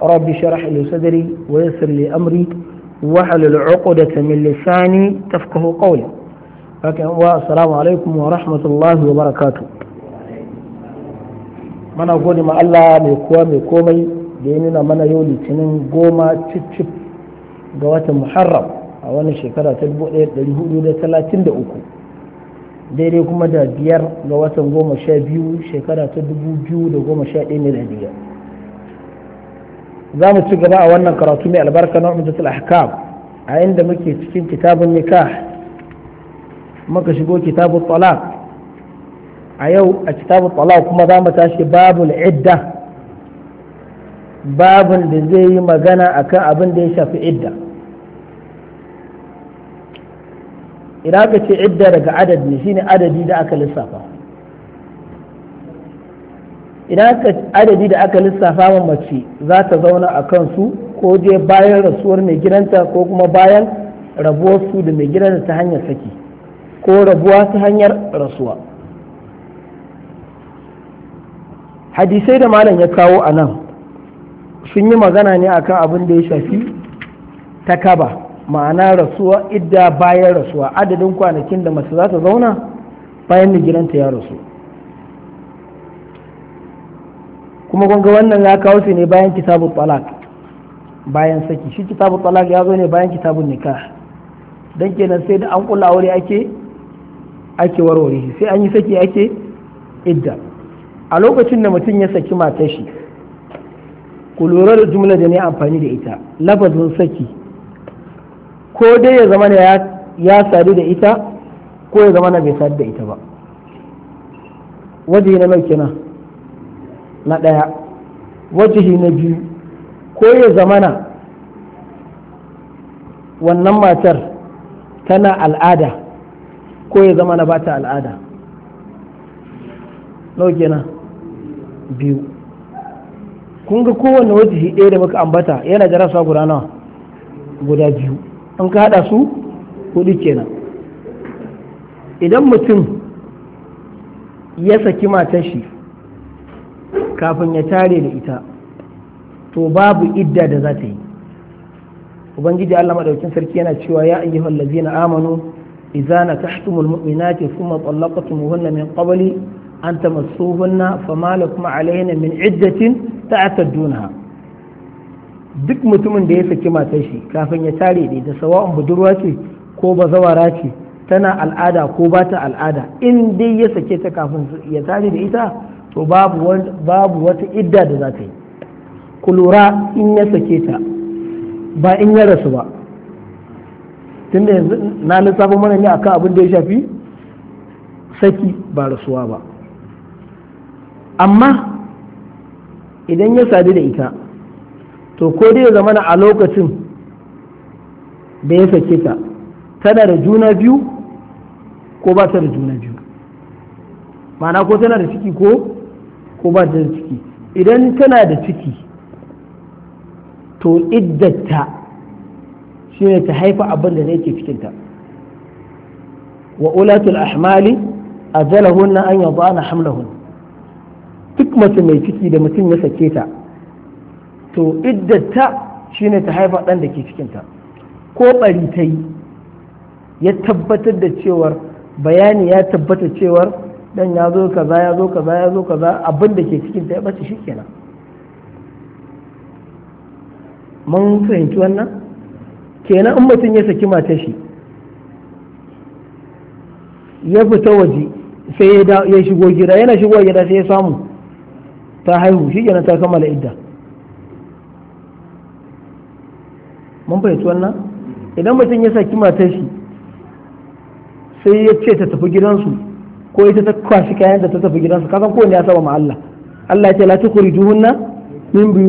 rabbi sharax li sadri wayasir li amri waxlil cuqdata min lisaani tafkahu qawli wasalaamu calaykum waraxmat ullaahi wabarakaatu mana godima allah mai kuwa mai komai da ya mana yau litinin goma cicif ga watan muharram a wani shekara ta dubu ɗaya ɗari hudu da talatin da uku daidai kuma da biyar ga watan goma sha biyu shekara ta dubu biyu da goma sha ɗaya da biyar za mu ci gaba a wannan karatu mai albarka na umdatul ahkam a inda muke cikin kitabun nikah muka shigo kitabun talaq a yau a kitabun talaq kuma za mu tashi babul idda babun da zai yi magana akan abin da ya shafi idda idan ka ce idda daga adadi shine adadi da aka lissafa idan aka adadi da aka lissafa wa mace za ta zauna a kansu ko je bayan rasuwar mai gidanta ko kuma bayan rabuwar su da mai gidanta ta hanyar saki ko rabuwa ta hanyar rasuwa hadisai da malam ya kawo a nan sun yi magana ne akan abin da ya shafi takaba ma'ana rasuwa idda bayan rasuwa adadin kwanakin da mace za ta zauna bayan mai gidanta ya rasu kuma kun ga wannan ya kawo shi ne bayan kitabul talaq bayan saki shi kitabul talaq ya zo ne bayan kitabun nikah dan kenan sai da an kula aure ake ake warware sai an yi saki ake idda a lokacin da mutum ya saki matar shi ku lura da jumla da ne amfani da ita lafazin saki ko dai ya zama ya sadu da ita ko ya zama na bai sadu da ita ba waje na mai kenan na ɗaya wajihi na biyu ko ya zamana wannan matar tana al'ada ko ya zamana ba ta al'ada nau kenan biyu kun ga kowane wajihi ɗaya da muka ambata yana da rasa guda nawa guda biyu an ka haɗa su hudu kenan idan mutum ya saki matar shi kafin ya tare da ita to babu idda da za ta yi ubangiji Allah madaukin sarki yana cewa ya ayyuhal ladzina amanu idza nakhtumul mu'minati thumma talaqtumuhunna min qabli an tamassuhunna fama lakum alayna min iddatin ta'taddunaha duk mutumin da ya saki matar shi kafin ya tare da ita sawa'un budurwa ce ko bazawara ce tana al'ada ko ba ta al'ada in dai ya sake ta kafin ya tare da ita to babu wata idda da za ta yi ku lura in ya sake ta ba in ya rasu ba da yanzu na lissafin mana ne akan abin da ya shafi saki ba rasuwa ba amma idan ya sadu da ita to ko dai ya zamana a lokacin da ya sake ta tana da juna biyu ko ba ta da juna biyu ma'ana ko tana da ciki ko ko ba da ciki idan tana da ciki to iddata shi ne ta haifa abin da yake cikinta wa ulatul ahmali ajalahunna an yadana hamlahun duk mace mai ciki da mutum ya sake ta to iddata shi ne ta haifa ɗan da ke cikinta ko ɓari ta yi ya tabbatar da cewar bayani ya tabbata cewar dan ya zo kaza ya zo kaza ya zo kaza abin da ke cikin ta ya bace shikenan mun fahimci wannan kenan in mutum ya saki mata shi ya fita waje sai ya shigo gida yana shigo gida sai ya samu ta haihu shikenan ta kammala idda mun fahimci wannan idan mutum ya saki mata shi sai ya ce ta tafi gidansu ko ita ta kwashi kayan da ta tafi gidansu kasan kowanne ya saba ma Allah Allah ya ce la tukuri tukhrijuhunna min